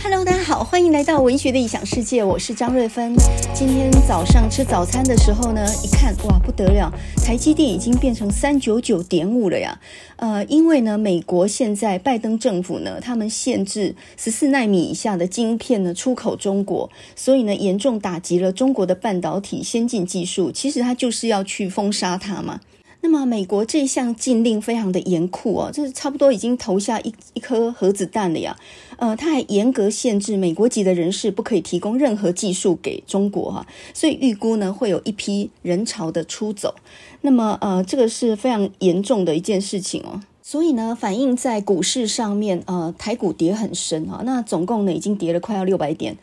Hello，大家好，歡迎來到文學的異想世界，我是張瑞芬。今天早上吃早餐的時候呢，一看哇，不得了，台積電已經變成三九九點五了呀。呃，因為呢，美國現在拜登政府呢，他們限制十四奈米以下的晶片呢出口中國，所以呢，嚴重打擊了中國的半導體先進技術。其實他就是要去封殺它嘛。那麼美國這項禁令非常的嚴酷啊、哦，就是差不多已經投下一一顆核子彈了呀。呃，它還嚴格限制美國籍的人士不可以提供任何技術給中國哈、啊，所以預估呢會有一批人潮的出走。那麼呃，這個是非常嚴重的一件事情哦。所以呢，反映在股市上面，呃，台股跌很深哈、哦，那總共呢已經跌了快要六百點。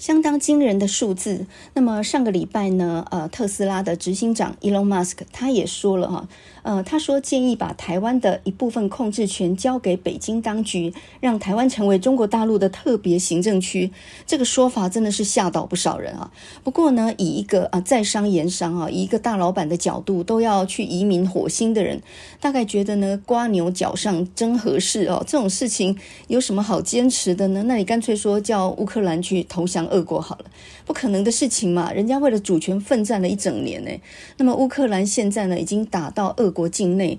相當驚人的數字。那麼上個禮拜呢？呃，特斯拉的執行長 Elon Musk 他也說了哈、啊。呃，他說建議把台灣的一部分控制權交給北京當局，讓台灣成為中國大陸的特別行政區。這個說法真的是嚇到不少人啊。不過呢，以一個啊在商言商啊，以一個大老闆的角度，都要去移民火星的人，大概覺得呢，蝸牛角上真合適哦。這種事情有什麼好堅持的呢？那你乾脆說叫烏克蘭去投降俄國好了，不可能的事情嘛。人家為了主權奮戰了一整年呢、欸。那麼烏克蘭現在呢，已經打到俄國境內，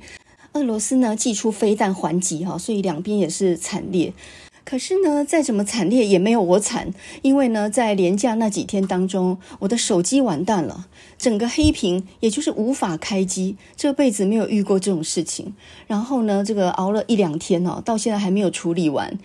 俄羅斯呢，祭出飛彈還擊哈、哦，所以兩邊也是慘烈。可是呢，再怎麼慘烈也沒有我慘，因為呢，在連假那幾天當中，我的手機完蛋了，整個黑屏，也就是無法開機，這輩子沒有遇過這種事情。然後呢，這個熬了一兩天，到現在還沒有處理完。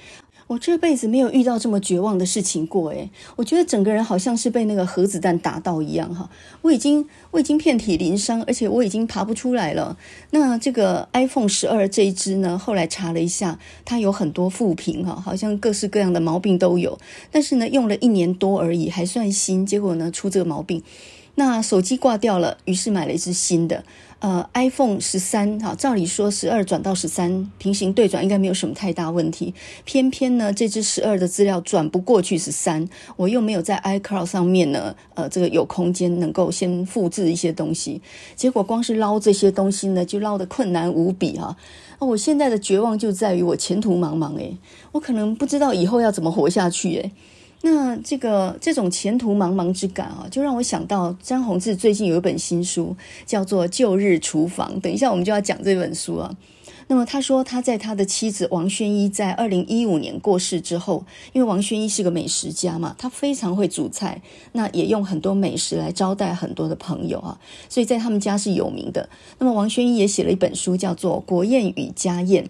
我這輩子沒有遇到這麼絕望的事情過誒，我覺得整個人好像是被那個核子彈打到一樣哈，我已經我已經遍體鱗傷，而且我已經爬不出來了。那這個 iPhone 十二這一只呢，後來查了一下，它有很多負評，哈，好像各式各樣的毛病都有。但是呢，用了一年多而已，還算新，結果呢，出這個毛病，那手機掛掉了，於是買了一只新的。呃，iPhone 十三，哈，照理說十二轉到十三，平行對轉應該沒有什麼太大問題，偏偏呢，這支十二的資料轉不過去十三，我又沒有在 iCloud 上面呢，呃，這個有空間能夠先複製一些東西，結果光是撈這些東西呢，就撈得困難無比哈、啊啊，我現在的絕望就在於我前途茫茫誒、欸，我可能不知道以後要怎麼活下去誒、欸。那這個這種前途茫茫之感啊，就讓我想到詹宏志最近有一本新書，叫做《舊日廚房》。等一下我們就要講這本書啊。那麼他說他在他的妻子王宣一在二零一五年過世之後，因為王宣一是個美食家嘛，他非常會煮菜，那也用很多美食來招待很多的朋友啊，所以在他們家是有名的。那麼王宣一也寫了一本書，叫做《國宴與家宴》。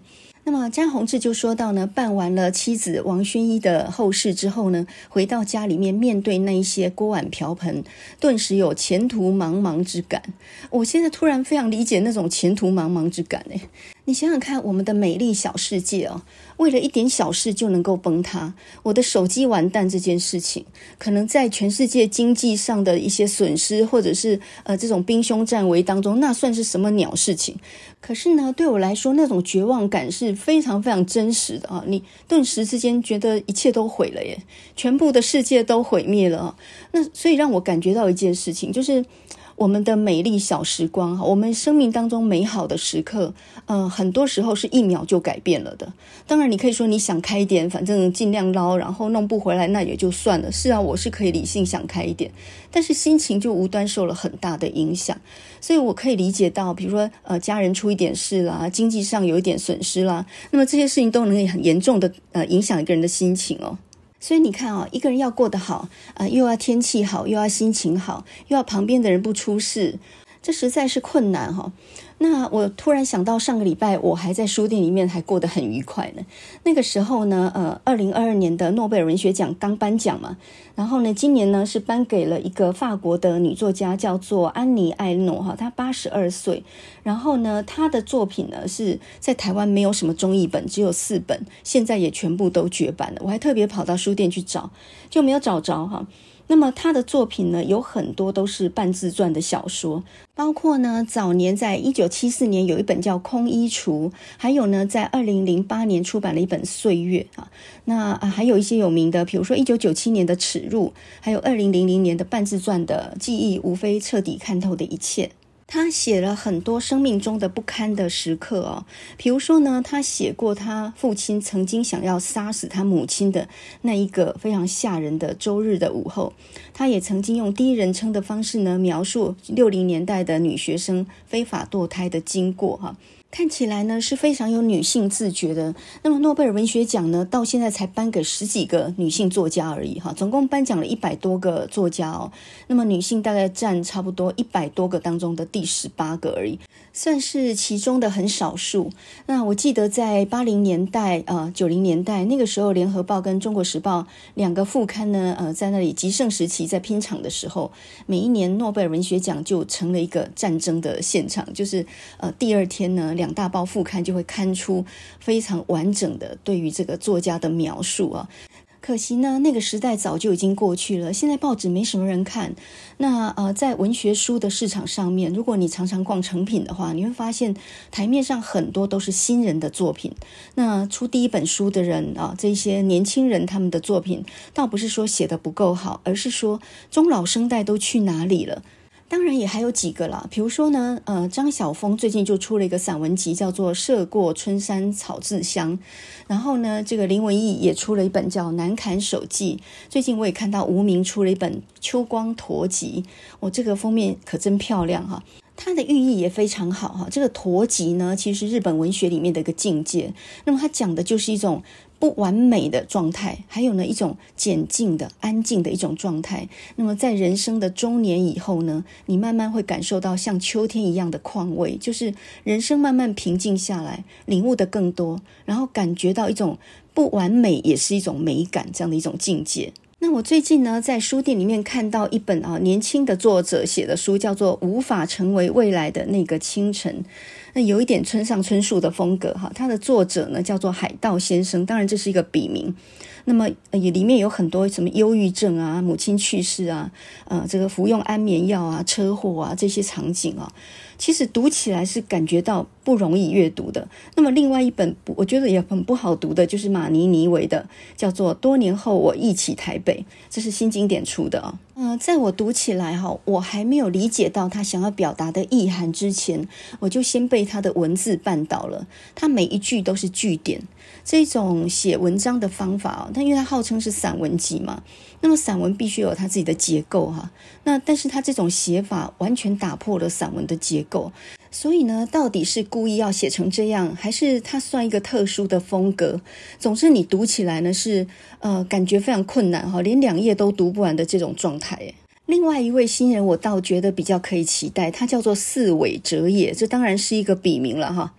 那麼詹宏志就說到呢，辦完了妻子王宣一的後事之後呢，回到家裡面，面對那一些鍋碗瓢盆，頓時有前途茫茫之感。我現在突然非常理解那種前途茫茫之感哎、欸，你想想看，我們的美麗小世界哦。為了一點小事就能夠崩塌，我的手機完蛋這件事情，可能在全世界經濟上的一些損失，或者是呃這種兵凶戰危當中，那算是什麼鳥事情？可是呢，對我來說，那種絕望感是非常非常真實的啊、哦！你頓時之間覺得一切都毀了耶，全部的世界都毀滅了、哦，啊。那所以讓我感覺到一件事情就是。我們的美麗小時光，我們生命當中美好的時刻，呃，很多時候是一秒就改變了的。當然，你可以說你想開一點，反正盡量撈，然後弄不回來那也就算了。是啊，我是可以理性想開一點，但是心情就無端受了很大的影響。所以我可以理解到，比如說呃，家人出一點事啦，經濟上有一點損失啦，那麼這些事情都能很嚴重的，呃，影響一個人的心情哦。所以你看啊，一個人要過得好啊，呃，又要天氣好，又要心情好，又要旁邊的人不出事。這實在是困難哈、哦。那我突然想到，上個禮拜我還在書店裡面還過得很愉快呢。那個時候呢，呃，二零二二年的諾貝爾文學獎剛頒獎嘛。然後呢，今年呢是頒給了一個法國的女作家，叫做安妮·艾諾哈。她八十二歲。然後呢，她的作品呢是在台灣沒有什麼中譯本，只有四本，現在也全部都絕版了。我還特別跑到書店去找，就沒有找着哈、哦。那麼他的作品呢，有很多都是半自傳的小說，包括呢，早年在一九七四年有一本叫《空衣櫥》，還有呢，在二零零八年出版了一本《歲月》啊，那啊還有一些有名的，比如說一九九七年的《恥辱》，還有二零零零年的半自傳的《記憶無非徹底看透的一切》。他寫了很多生命中的不堪的時刻哦，比如說呢，他寫過他父親曾經想要殺死他母親的那一個非常嚇人的周日的午後，他也曾經用第一人稱的方式呢，描述六零年代的女學生非法墮胎的經過哈。看起來呢是非常有女性自覺的。那麼諾貝爾文學獎呢，到現在才頒給十幾個女性作家而已哈，總共頒獎了一百多個作家哦，那麼女性大概佔差不多一百多個當中的第十八個而已。算是其中的很少數。那我記得在八零年代、呃九零年代那個時候，《聯合報》跟《中國時報》兩個副刊呢，呃，在那裡極盛時期，在拼場的時候，每一年諾貝爾文學獎就成了一個戰爭的現場，就是呃，第二天呢，兩大報副刊就會刊出非常完整的對於這個作家的描述啊。可惜呢，那個時代早就已經過去了。現在報紙沒什麼人看。那呃，在文學書的市場上面，如果你常常逛誠品的話，你會發現台面上很多都是新人的作品。那出第一本書的人啊，呃，這些年輕人他們的作品，倒不是說寫得不夠好，而是說中老生代都去哪裡了？當然也還有幾個了，比如說呢，呃，張曉風最近就出了一個散文集，叫做《涉過春山草自香》，然後呢，這個林文義也出了一本叫《南砍手記》，最近我也看到吳鳴出了一本《秋光駝集》，我、哦、這個封面可真漂亮哈、啊。它的寓意也非常好哈，這個“侘寂”呢，其實是日本文學裡面的一個境界。那麼它講的就是一種不完美的狀態，還有呢一種簡靜的、安靜的一種狀態。那麼在人生的中年以後呢，你慢慢會感受到像秋天一樣的況味，就是人生慢慢平靜下來，領悟得更多，然後感覺到一種不完美也是一種美感，這樣的一種境界。那我最近呢，在書店裡面看到一本啊，年輕的作者寫的書，叫做《無法成為未來的那個清晨》，那有一點村上春樹的風格哈。他的作者呢，叫做海盜先生，當然這是一個筆名。那麼也裡面有很多什麼憂鬱症啊、母親去世啊、呃，這個服用安眠藥啊、車禍啊這些場景啊，其實讀起來是感覺到不容易閱讀的。那麼另外一本我覺得也很不好讀的，就是馬尼尼為的，叫做《多年後我憶起台北》，這是新經典出的啊、哦。呃，在我讀起來哈、哦，我還沒有理解到他想要表達的意涵之前，我就先被他的文字絆倒了。他每一句都是句點。這種寫文章的方法，但因為它號稱是散文集嘛，那麼散文必須有它自己的結構哈、啊。那但是它這種寫法完全打破了散文的結構，所以呢，到底是故意要寫成這樣，還是它算一個特殊的風格？總之，你讀起來呢是呃感覺非常困難哈，連兩頁都讀不完的這種狀態。另外一位新人，我倒覺得比較可以期待，他叫做寺尾哲也，這當然是一個筆名了哈。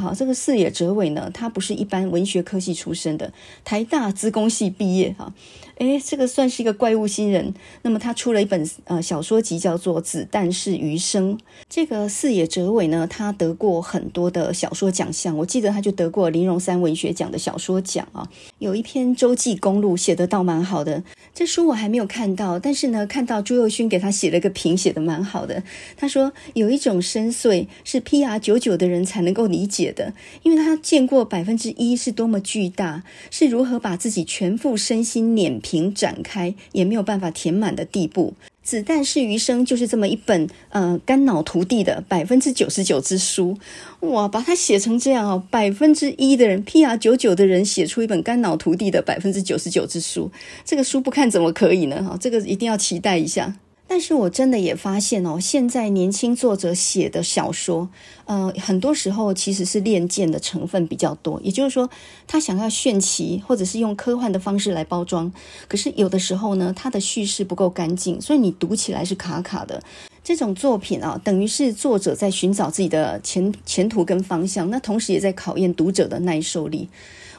好，這個寺尾哲也呢，他不是一般文學科系出身的，台大資工系畢業哈。哎，這個算是一個怪物新人。那麼他出了一本呃小說集，叫做《子彈是餘生》。這個寺尾哲也呢，他得過很多的小說獎項，我記得他就得過林榮三文學獎的小說獎啊、哦。有一篇《洲際公路》寫的倒蠻好的。這書我還沒有看到，但是呢，看到朱宥勳給他寫了一個評，寫的蠻好的。他說有一種深邃是 PR 九九的人才能夠理解的，因為他見過百分之一是多麼巨大，是如何把自己全副身心碾。攤展開也沒有辦法填滿的地步。子彈是餘生，就是這麼一本呃肝腦塗地的百分之九十九之書。哇，把它寫成這樣啊！百分之一的人，PR 九九的人寫出一本肝腦塗地的百分之九十九之書，這個書不看怎麼可以呢？哈，這個一定要期待一下。但是我真的也發現哦，現在年輕作者寫的小說，呃，很多時候其實是練劍的成分比較多。也就是說，他想要炫奇，或者是用科幻的方式來包裝。可是有的時候呢，他的敘事不夠乾淨，所以你讀起來是卡卡的。這種作品啊，等於是作者在尋找自己的前前途跟方向，那同時也在考驗讀者的耐受力。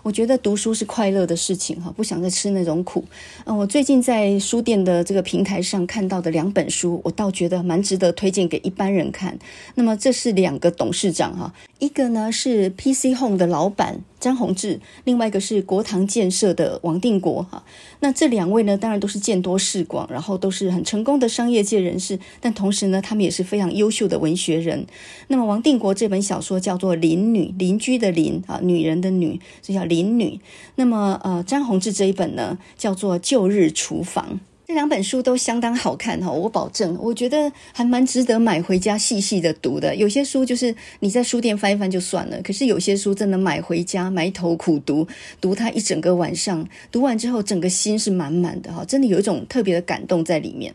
我覺得讀書是快樂的事情哈，不想再吃那種苦。嗯、哦，我最近在書店的這個平台上看到的兩本書，我倒覺得蠻值得推薦給一般人看。那麼這是兩個董事長哈，一個呢是 PC Home 的老闆詹宏志，另外一個是國堂建設的王定國哈。那這兩位呢，當然都是見多識廣，然後都是很成功的商業界人士，但同時呢，他們也是非常優秀的文學人。那麼王定國這本小說叫做《鄰女》，鄰居的鄰啊，女人的女，這叫。林女，那麼呃，張宏志這一本呢，叫做《舊日廚房》，這兩本書都相當好看哈、哦，我保證，我覺得還蠻值得買回家細細的讀的。有些書就是你在書店翻一翻就算了，可是有些書真的買回家埋頭苦讀，讀它一整個晚上，讀完之後整個心是滿滿的哈、哦，真的有一種特別的感動在裡面。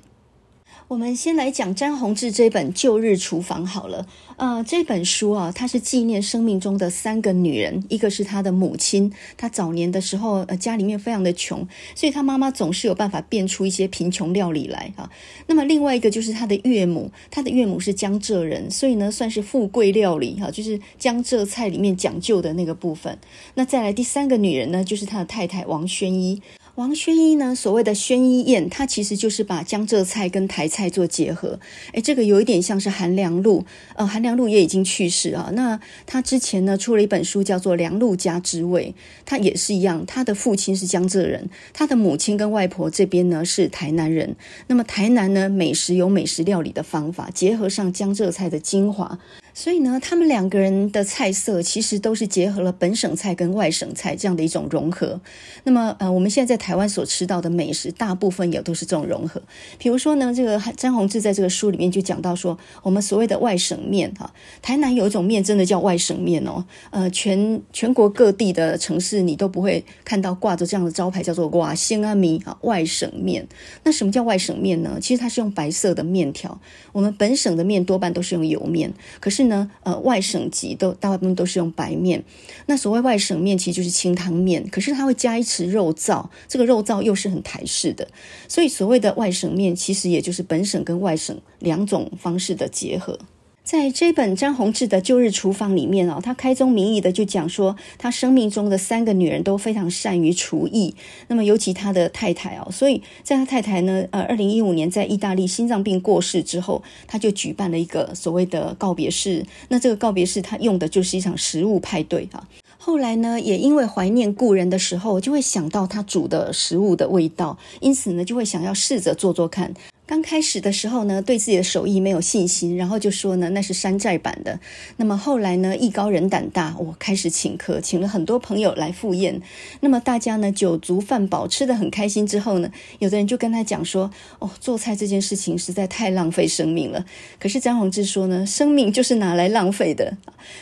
我們先來講詹宏志這本《舊日廚房》好了，呃，這本書啊，它是紀念生命中的三個女人，一個是他的母親，他早年的時候，呃，家裡面非常的窮，所以他媽媽總是有辦法變出一些貧窮料理來啊。那麼另外一個就是他的岳母，他的岳母是江浙人，所以呢，算是富貴料理哈，啊，就是江浙菜裡面講究的那個部分。那再來第三個女人呢，就是他的太太王宣一。王宣一呢？所謂的宣一宴，他其實就是把江浙菜跟台菜做結合。誒，這個有一點像是韓良露，呃，韓良露也已經去世啊。那他之前呢，出了一本書，叫做《良露家之味》。他也是一樣，他的父親是江浙人，他的母親跟外婆這邊呢是台南人。那麼台南呢，美食有美食料理的方法，結合上江浙菜的精華。所以呢，他們兩個人的菜色其實都是結合了本省菜跟外省菜這樣的一種融合。那麼，呃，我們現在在台灣所吃到的美食，大部分也都是這種融合。比如說呢，這個詹宏志在這個書裡面就講到說，我們所謂的外省麵哈、啊，台南有一種麵真的叫外省麵哦。呃，全全國各地的城市你都不會看到掛着這樣的招牌，叫做掛線啊米啊外省麵。那什麼叫外省麵呢？其實它是用白色的麵條，我們本省的麵多半都是用油麵，可是呢，呃，外省籍，都大部分都是用白麵，那所謂外省麵其實就是清湯麵，可是它會加一匙肉燥，這個肉燥又是很台式的，所以所謂的外省麵其實也就是本省跟外省兩種方式的結合。在這本詹宏志的《舊日廚房》裡面哦，他開宗明義的就講說，他生命中的三個女人都非常善於廚藝，那麼尤其他的太太哦，所以在他太太呢，呃，二零一五年在意大利心臟病過世之後，他就舉辦了一個所謂的告別式，那這個告別式他用的就是一場食物派對哈。後來呢，也因為懷念故人的時候，就會想到他煮的食物的味道，因此呢，就會想要試着做做看。剛開始的時候呢，對自己的手藝沒有信心，然後就說呢，那是山寨版的。那麼後來呢，藝高人膽大，我、哦、開始請客，請了很多朋友來赴宴。那麼大家呢，酒足飯飽，吃得很開心。之後呢，有的人就跟他講說：“哦，做菜這件事情實在太浪費生命了。”可是詹宏志說呢，生命就是拿來浪費的。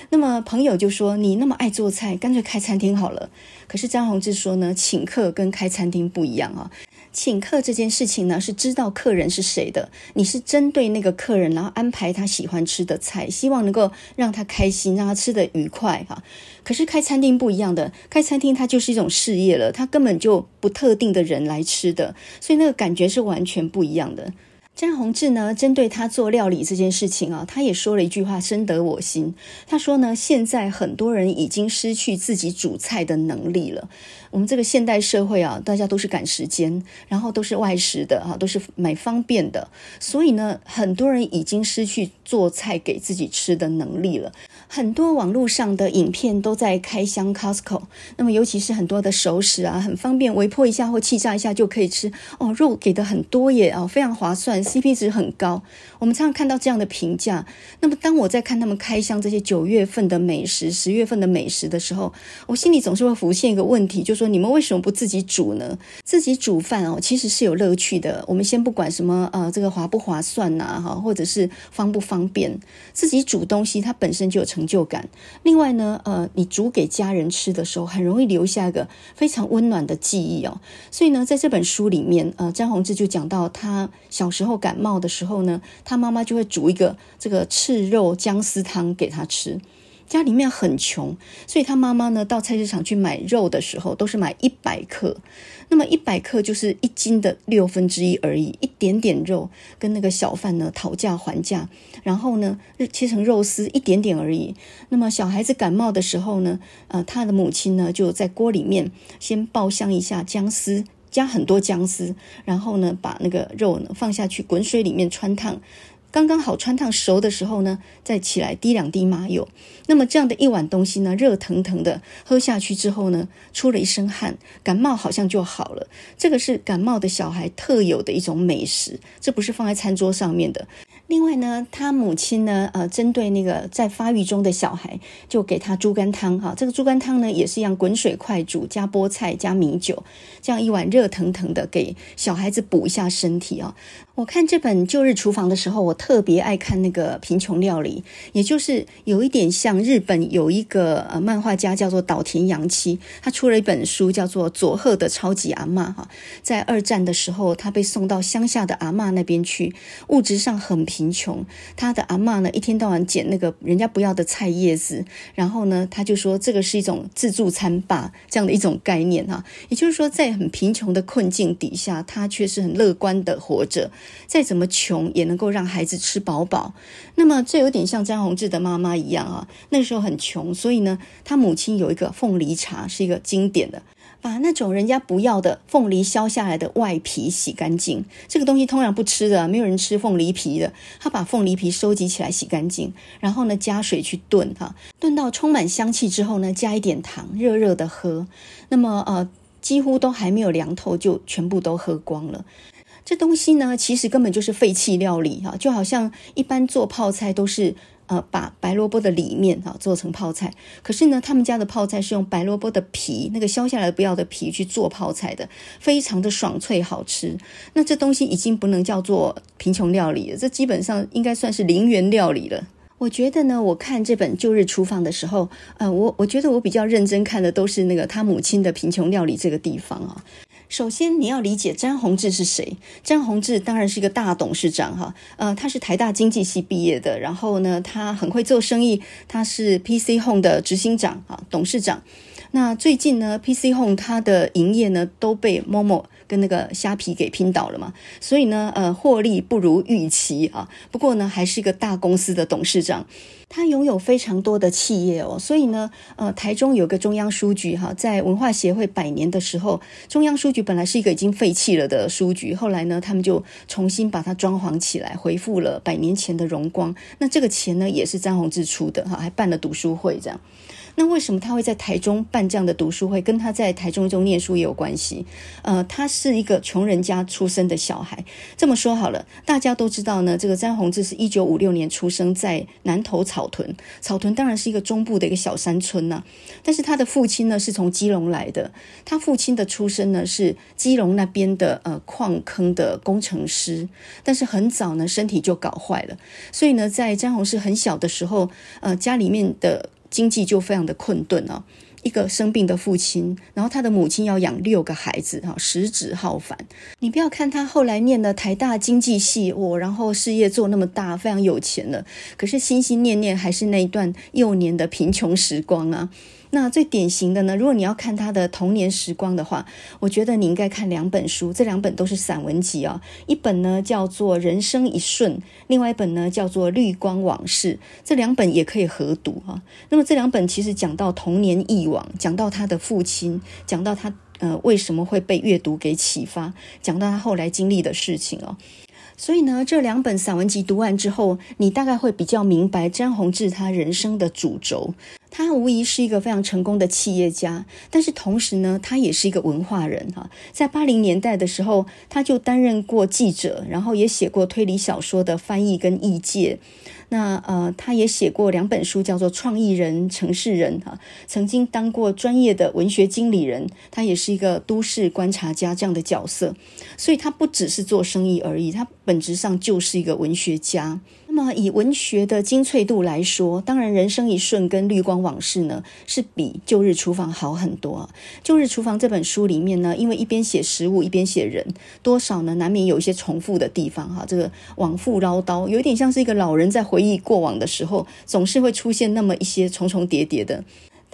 那麼朋友就說：“你那麼愛做菜，乾脆開餐廳好了。”可是詹宏志說呢，請客跟開餐廳不一樣啊。請客這件事情呢，是知道客人是誰的，你是針對那個客人，然後安排他喜歡吃的菜，希望能夠讓他開心，讓他吃得愉快哈、啊。可是開餐廳不一樣的，開餐廳它就是一種事業了，它根本就不特定的人來吃的，所以那個感覺是完全不一樣的。詹宏志呢，針對他做料理這件事情啊，他也說了一句話，深得我心。他說呢，現在很多人已經失去自己煮菜的能力了。我們這個現代社會啊，大家都是趕時間，然後都是外食的哈，都是買方便的，所以呢，很多人已經失去做菜給自己吃的能力了。很多網絡上的影片都在開箱 Costco，那麼尤其是很多的熟食啊，很方便，微波一下或氣炸一下就可以吃哦。肉給的很多耶哦，非常划算，CP 值很高。我們常常看到這樣的評價。那麼當我在看他們開箱這些九月份的美食、十月份的美食的時候，我心裡總是會浮現一個問題，就說你們為什麼不自己煮呢？自己煮飯哦，其實是有樂趣的。我們先不管什麼呃這個划不划算呐、啊、哈，或者是方不方便，自己煮東西它本身就有成。成就感。另外呢，呃，你煮給家人吃的時候，很容易留下一個非常溫暖的記憶哦。所以呢，在這本書裡面，呃，詹宏志就講到，他小時候感冒的時候呢，他媽媽就會煮一個這個赤肉薑絲湯給他吃。家裡面很窮，所以他媽媽呢到菜市場去買肉的時候，都是買一百克，那麼一百克就是一斤的六分之一而已，一點點肉。跟那個小販呢討價還價，然後呢切成肉絲，一點點而已。那麼小孩子感冒的時候呢，呃，他的母親呢就在鍋裡面先爆香一下薑絲，加很多薑絲，然後呢把那個肉放下去，滾水裡面汆燙。剛剛好汆燙熟的時候呢，再起來滴兩滴麻油。那麼這樣的一碗東西呢，熱騰騰的喝下去之後呢，出了一身汗，感冒好像就好了。這個是感冒的小孩特有的一種美食，這不是放在餐桌上面的。另外呢，他母親呢，呃，針對那個在發育中的小孩，就給他豬肝湯哈，啊。這個豬肝湯呢，也是一樣滾水快煮，加菠菜，加米酒，這樣一碗熱騰騰的給小孩子補一下身體啊。我看這本《舊日廚房》的時候，我特別愛看那個貧窮料理，也就是有一點像日本有一個呃漫畫家叫做島田洋七，他出了一本書叫做《佐賀的超級阿嬤》哈，在二戰的時候，他被送到鄉下的阿嬤那邊去，物質上很貧窮，他的阿嬤呢，一天到晚撿那個人家不要的菜葉子，然後呢，他就說這個是一種自助餐吧，這樣的一種概念哈、啊，也就是說在很貧窮的困境底下，他卻是很樂觀的活着。再怎麼窮也能夠讓孩子吃飽飽，那麼這有點像詹宏志的媽媽一樣啊。那個時候很窮，所以呢，他母親有一個鳳梨茶，是一個經典的。把那種人家不要的鳳梨削下來的外皮洗乾淨，這個東西通常不吃的，沒有人吃鳳梨皮的。他把鳳梨皮收集起來洗乾淨，然後呢加水去燉哈，燉到充滿香氣之後呢，加一點糖，熱熱的喝。那麼呃，幾乎都還沒有涼透，就全部都喝光了。這東西呢，其實根本就是廢棄料理哈、啊，就好像一般做泡菜都是呃把白蘿蔔的裡面哈、啊，做成泡菜，可是呢，他們家的泡菜是用白蘿蔔的皮，那個削下來不要的皮去做泡菜的，非常的爽脆好吃。那這東西已經不能叫做貧窮料理了，這基本上應該算是零元料理了。我覺得呢，我看這本《舊日廚房》的時候，呃，我我覺得我比較認真看的都是那個他母親的貧窮料理這個地方啊。首先，你要理解詹宏志是誰？詹宏志當然是一個大董事長哈，呃，他是台大經濟系畢業的，然後呢，他很會做生意，他是 PC Home 的執行長啊，董事長。那最近呢，PC Home 它的營業呢都被 momo。跟那個蝦皮給拼倒了嘛，所以呢，呃，獲利不如預期啊。不過呢，還是一個大公司的董事長，他擁有非常多的企業哦。所以呢，呃，台中有一個中央書局哈、啊，在文化協會百年的時候，中央書局本來是一個已經廢棄了的書局，後來呢，他們就重新把它裝潢起來，恢復了百年前的榮光。那這個錢呢，也是詹宏志出的哈，還辦了讀書會這樣。那為什麼他會在台中辦這樣的讀書會？跟他在台中一中念書也有關係。呃，他是一個窮人家出生的小孩。這麼說好了，大家都知道呢，這個詹宏志是一九五六年出生在南投草屯，草屯當然是一個中部的一個小山村吶、啊。但是他的父親呢，是從基隆來的。他父親的出身呢，是基隆那邊的呃礦坑的工程師，但是很早呢身體就搞壞了，所以呢，在詹宏志很小的時候，呃，家裡面的。經濟就非常的困頓啊、哦，一個生病的父親，然後他的母親要養六個孩子哈，食指浩繁。你不要看他後來念的台大經濟系，我、哦、然後事業做那麼大，非常有錢了，可是心心念念還是那一段幼年的貧窮時光啊。那最典型的呢？如果你要看他的童年時光的話，我覺得你應該看兩本書，這兩本都是散文集啊、哦。一本呢叫做《人生一瞬》，另外一本呢叫做《綠光往事》。這兩本也可以合讀啊、哦。那麼這兩本其實講到童年憶往，講到他的父親，講到他呃為什麼會被閱讀給啟發，講到他後來經歷的事情哦。所以呢，這兩本散文集讀完之後，你大概會比較明白詹宏志他人生的主軸。他無疑是一個非常成功的企業家，但是同時呢，他也是一個文化人哈。在八零年代的時候，他就擔任過記者，然後也寫過推理小說的翻譯跟譯介。那呃，他也寫過兩本書，叫做《創意人》、《城市人》哈。曾經當過專業的文學經理人，他也是一個都市觀察家這樣的角色。所以，他不只是做生意而已，他本質上就是一個文學家。那麼以文學的精粹度來說，當然《人生一瞬》跟《綠光往事》呢，是比《舊日廚房》好很多啊。《舊日廚房》這本書裡面呢，因為一邊寫食物，一邊寫人，多少呢，難免有一些重複的地方哈啊。這個往復嘮叨，有一點像是一個老人在回憶過往的時候，總是會出現那麼一些重重疊疊的。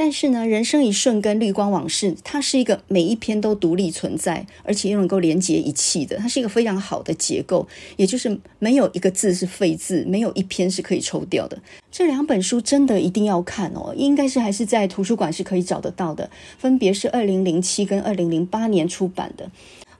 但是呢，人生一瞬跟綠光往事，它是一個每一篇都獨立存在，而且又能夠連結一氣的，它是一個非常好的結構，也就是沒有一個字是廢字，沒有一篇是可以抽掉的。這兩本書真的一定要看哦，應該是還是在圖書館是可以找得到的，分別是二零零七跟二零零八年出版的。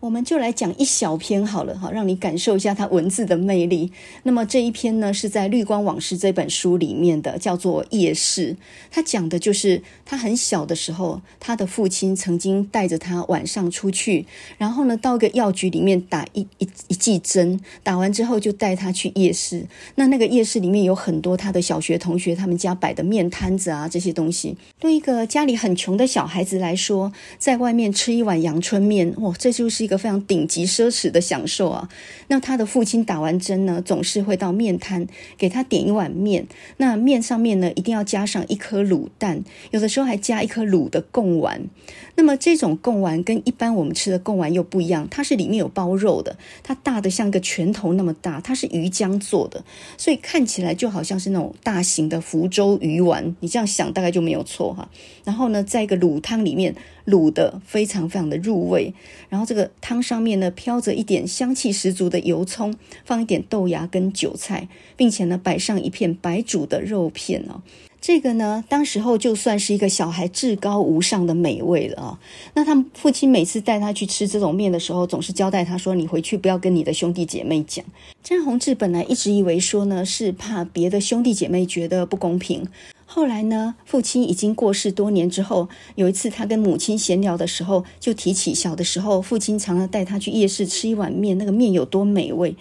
我們就來講一小篇好了，哈，讓你感受一下他文字的魅力。那麼這一篇呢，是在《綠光往事》這本書裡面的，叫做《夜市》。他講的就是他很小的時候，他的父親曾經帶着他晚上出去，然後呢，到個藥局裡面打一一一劑針，打完之後就帶他去夜市。那那個夜市裡面有很多他的小學同學他們家擺的麵攤子啊，這些東西，對一個家裡很窮的小孩子來說，在外面吃一碗陽春麵，哇、哦，這就是一。一個非常頂級奢侈的享受啊！那他的父親打完針呢，總是會到麵攤給他點一碗麵，那麵上面呢一定要加上一顆滷蛋，有的時候還加一顆滷的貢丸。那麼這種貢丸跟一般我們吃的貢丸又不一樣，它是裡面有包肉的，它大得像個拳頭那麼大，它是魚漿做的，所以看起來就好像是那種大型的福州魚丸，你這樣想大概就沒有錯哈。然後呢，在一個滷湯裡面滷得非常非常的入味，然後這個湯上面呢飄着一點香氣十足的油蔥，放一點豆芽跟韭菜，並且呢擺上一片白煮的肉片哦。這個呢，當時候就算是一個小孩至高無上的美味了啊、哦。那他父親每次帶他去吃這種麵的時候，總是交代他說：“你回去不要跟你的兄弟姐妹講。”詹宏志本來一直以為說呢，是怕別的兄弟姐妹覺得不公平。後來呢，父親已經過世多年之後，有一次他跟母親閒聊的時候，就提起小的時候，父親常常帶他去夜市吃一碗麵，那個麵有多美味。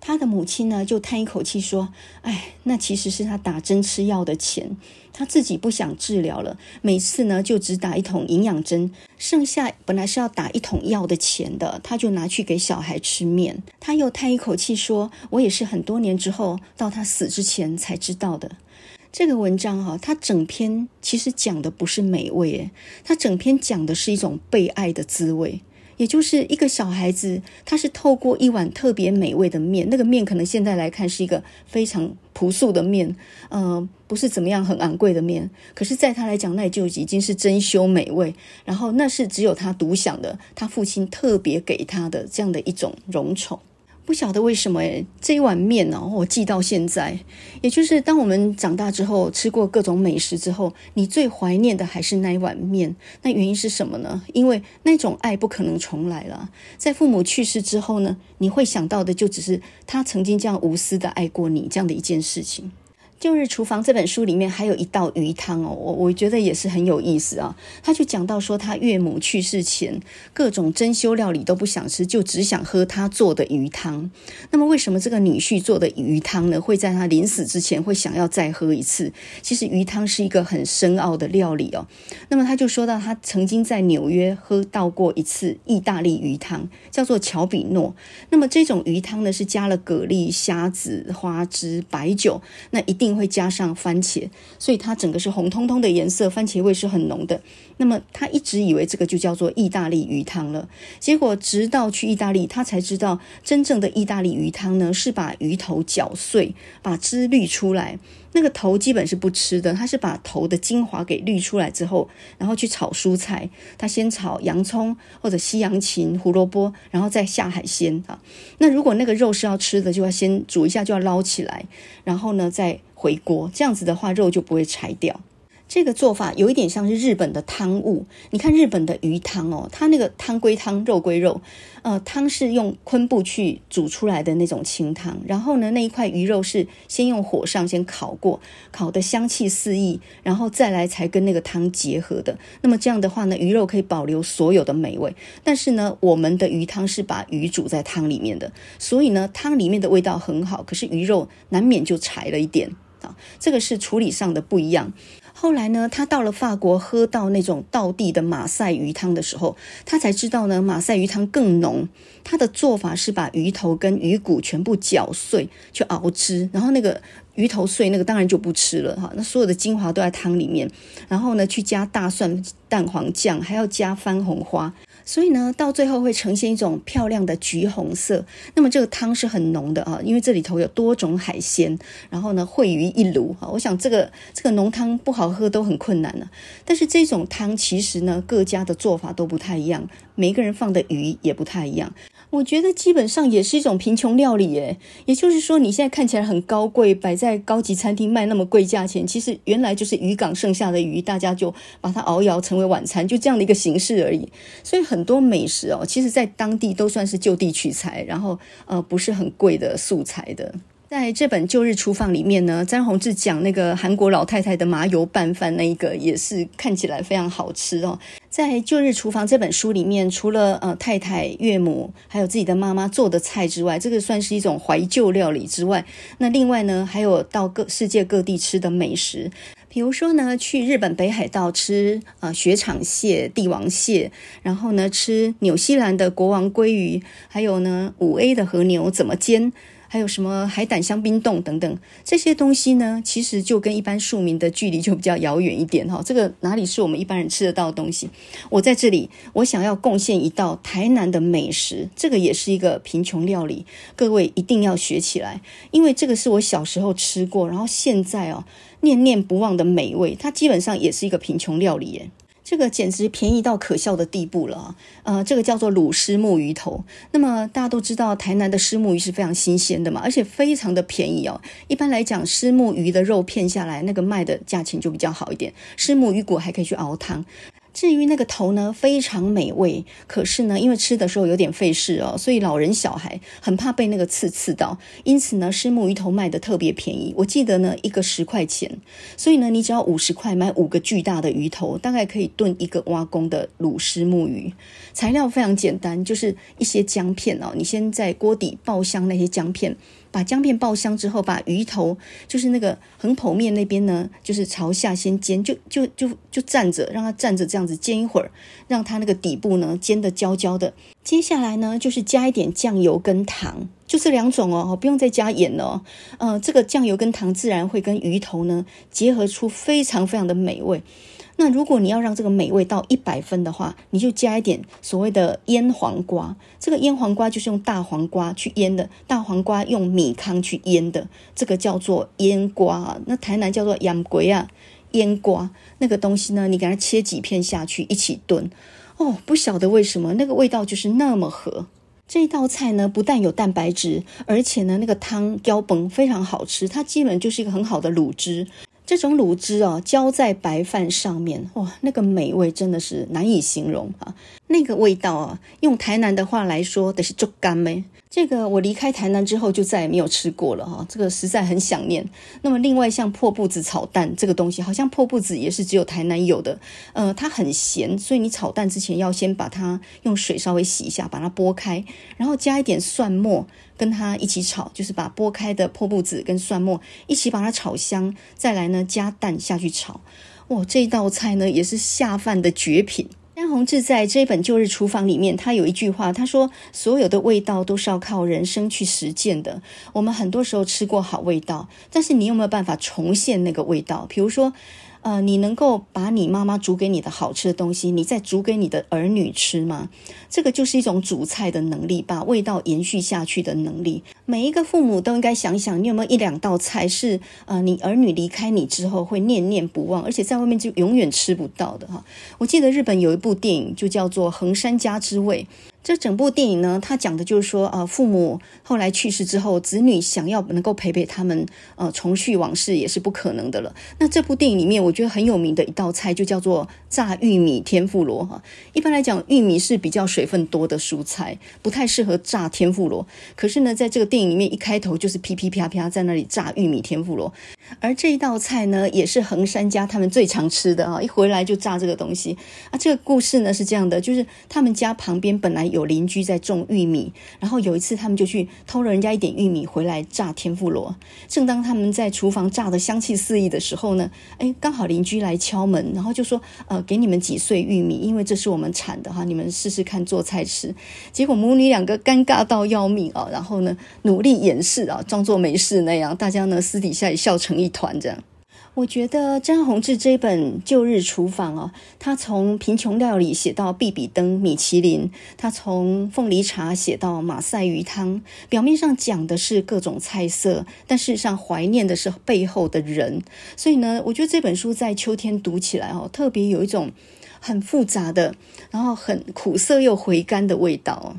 他的母親呢，就嘆一口氣說：“哎，那其實是他打針吃藥的錢，他自己不想治療了。每次呢，就只打一桶營養針，剩下本來是要打一桶藥的錢的，他就拿去給小孩吃麵。”他又嘆一口氣說：“我也是很多年之後，到他死之前才知道的。”這個文章哈，他整篇其實講的不是美味，誒，他整篇講的是一種被愛的滋味。也就是一個小孩子，他是透過一碗特別美味的麵，那個麵可能現在來看是一個非常樸素的麵，呃，不是怎麼樣很昂貴的麵，可是在他來講，那就已經已經是珍饈美味，然後那是只有他獨享的，他父親特別給他的這樣的一種榮寵。不曉得為什麼誒，這一碗麵呢，哦？我記到現在，也就是當我們長大之後，吃過各種美食之後，你最懷念的還是那一碗麵。那原因是什麼呢？因為那種愛不可能重來了。在父母去世之後呢，你會想到的就只是他曾經這樣無私的愛過你這樣的一件事情。《舊日廚房》這本書裡面還有一道魚湯哦，我我覺得也是很有意思啊、哦。他就講到說，他岳母去世前，各種珍饈料理都不想吃，就只想喝他做的魚湯。那麼，為什麼這個女婿做的魚湯呢，會在他臨死之前會想要再喝一次？其實，魚湯是一個很深奧的料理哦。那麼，他就說到他曾經在紐約喝到過一次意大利魚湯，叫做喬比諾。那麼，這種魚湯呢，是加了蛤蜊、蝦子、花枝、白酒，那一定，會加上番茄，所以它整個是紅彤彤的顏色，番茄味是很濃的。那麼他一直以為這個就叫做意大利魚湯了，結果直到去意大利，他才知道真正的意大利魚湯呢，是把魚頭攪碎，把汁濾出來。那個頭基本是不吃的，它是把頭的精華給濾出來之後，然後去炒蔬菜。它先炒洋蔥或者西洋芹、胡蘿蔔，然後再下海鮮啊。那如果那個肉是要吃的，就要先煮一下，就要撈起來，然後呢再回鍋。這樣子的話，肉就不會柴掉。這個做法有一點像是日本的湯物，你看日本的魚湯哦，它那個湯歸湯，肉歸肉，呃，湯是用昆布去煮出來的那種清湯，然後呢，那一塊魚肉是先用火上先烤過，烤得香氣四溢，然後再來才跟那個湯結合的。那麼這樣的話呢，魚肉可以保留所有的美味，但是呢，我們的魚湯是把魚煮在湯裡面的，所以呢，湯裡面的味道很好，可是魚肉難免就柴了一點啊、哦。這個是處理上的不一樣。後來呢，他到了法國，喝到那種道地的馬賽魚湯的時候，他才知道呢，馬賽魚湯更濃。他的做法是把魚頭跟魚骨全部攪碎去熬汁，然後那個魚頭碎那個當然就不吃了哈，那所有的精華都在湯裡面。然後呢，去加大蒜、蛋黃醬，還要加番紅花。所以呢，到最後會呈現一種漂亮的橘紅色。那麼這個湯是很濃的啊，因為這裡頭有多種海鮮，然後呢，燴魚一爐。我想這個，這個濃湯不好喝都很困難了啊。但是這種湯其實呢，各家的做法都不太一樣，每個人放的魚也不太一樣。我覺得基本上也是一種貧窮料理，耶。也就是說你現在看起來很高貴，擺在高級餐廳賣那麼貴價錢，其實原來就是漁港剩下的魚，大家就把它熬一熬成為晚餐，就這樣的一個形式而已。所以很多美食哦，其實在當地都算是就地取材，然後呃不是很貴的素材的。在這本《舊日廚房》裡面呢，詹宏志講那個韓國老太太的麻油拌飯，那一個也是看起來非常好吃哦。在《舊日廚房》這本書裡面，除了呃太太、岳母、還有自己的媽媽做的菜之外，這個算是一種懷舊料理之外，那另外呢，還有到各世界各地吃的美食，比如說呢，去日本北海道吃啊、呃、雪場蟹、帝王蟹，然後呢吃紐西蘭的國王鮭魚，還有呢五 A 的和牛怎麼煎。還有什麼海膽、香檳凍等等這些東西呢？其實就跟一般庶民的距離就比較遙遠一點哈、哦。這個哪裡是我們一般人吃得到的東西？我在這裡，我想要貢獻一道台南的美食，這個也是一個貧窮料理，各位一定要學起來，因為這個是我小時候吃過，然後現在哦念念不忘的美味，它基本上也是一個貧窮料理耶。這個簡直便宜到可笑的地步了啊，呃，這個叫做滷虱目魚頭。那麼大家都知道，台南的虱目魚是非常新鮮的嘛，而且非常的便宜哦。一般來講，虱目魚的肉片下來，那個賣的價錢就比較好一點。虱目魚骨還可以去熬湯。至於那個頭呢，非常美味，可是呢，因為吃的時候有點費事哦，所以老人小孩很怕被那個刺刺到。因此呢，虱目魚頭賣得特別便宜，我記得呢一個十塊錢，所以呢你只要五十塊買五個巨大的魚頭，大概可以燉一個挖工的滷虱目魚。材料非常簡單，就是一些薑片哦，你先在鍋底爆香那些薑片。把薑片爆香之後，把魚頭，就是那個橫剖面那邊呢，就是朝下先煎，就就就就站着，讓它站着這樣子煎一會兒，讓它那個底部呢煎得焦焦的。接下來呢，就是加一點醬油跟糖，就這、是、兩種哦，不用再加鹽了哦。嗯、呃，這個醬油跟糖自然會跟魚頭呢結合出非常非常的美味。那如果你要讓這個美味到一百分的話，你就加一點所謂的醃黃瓜。這個醃黃瓜就是用大黃瓜去醃的，大黃瓜用米糠去醃的，這個叫做醃瓜。那台南叫做養鬼啊，醃瓜那個東西呢，你給它切幾片下去一起燉。哦，不曉得為什麼那個味道就是那麼合。這道菜呢，不但有蛋白質，而且呢那個湯澆飯非常好吃，它基本就是一個很好的滷汁。這種滷汁哦，澆在白飯上面，哇，那個美味真的是難以形容啊！那個味道啊，用台南的話來說，得、就是足甘美。這個我離開台南之後就再也沒有吃過了，這個實在很想念。那麼，另外像破布子炒蛋這個東西，好像破布子也是只有台南有的。呃，它很鹹，所以你炒蛋之前要先把它用水稍微洗一下，把它剝開，然後加一點蒜末。跟他一起炒，就是把剝開的破布子跟蒜末一起把它炒香，再來呢，加蛋下去炒。哇，這道菜呢也是下飯的絕品。詹宏志在這本《舊日廚房》裡面，他有一句話，他說：“所有的味道都是要靠人生去實踐的。我們很多時候吃過好味道，但是你有沒有辦法重現那個味道？比如說。”呃，你能夠把你媽媽煮給你的好吃的東西，你再煮給你的兒女吃嗎？這個就是一種煮菜的能力，把味道延續下去的能力。每一個父母都應該想想，你有沒有一兩道菜是呃，你兒女離開你之後會念念不忘，而且在外面就永遠吃不到的哈。我記得日本有一部電影就叫做《橫山家之味》。這整部電影呢，它講的就是說，呃，父母後來去世之後，子女想要能夠陪陪他們，呃，重續往事也是不可能的了。那這部電影裡面，我覺得很有名的一道菜就叫做炸玉米天婦羅哈。一般來講，玉米是比較水分多的蔬菜，不太適合炸天婦羅。可是呢，在這個電影裡面，一開頭就是噼噼啪啪啪啪在那裡炸玉米天婦羅。而這一道菜呢，也是橫山家他們最常吃的啊，一回來就炸這個東西啊。這個故事呢是這樣的，就是他們家旁邊本來有鄰居在種玉米，然後有一次他們就去偷了人家一點玉米回來炸天婦羅。正當他們在廚房炸得香氣四溢的時候呢，哎，剛好鄰居來敲門，然後就說：“呃，給你們幾穗玉米，因為這是我們產的哈、啊，你們試試看做菜吃。”結果母女兩個尷尬到要命啊，然後呢努力掩飾啊，裝作沒事那樣，大家呢私底下也笑成。一團這樣，我覺得詹宏志這本廚、啊《舊日廚房》哦，他從貧窮料理寫到必比登米其林，他從鳳梨茶寫到馬賽魚湯，表面上講的是各種菜色，但事實上懷念的是背後的人。所以呢，我覺得這本書在秋天讀起來哦、啊，特別有一種很複雜的，然後很苦澀又回甘的味道。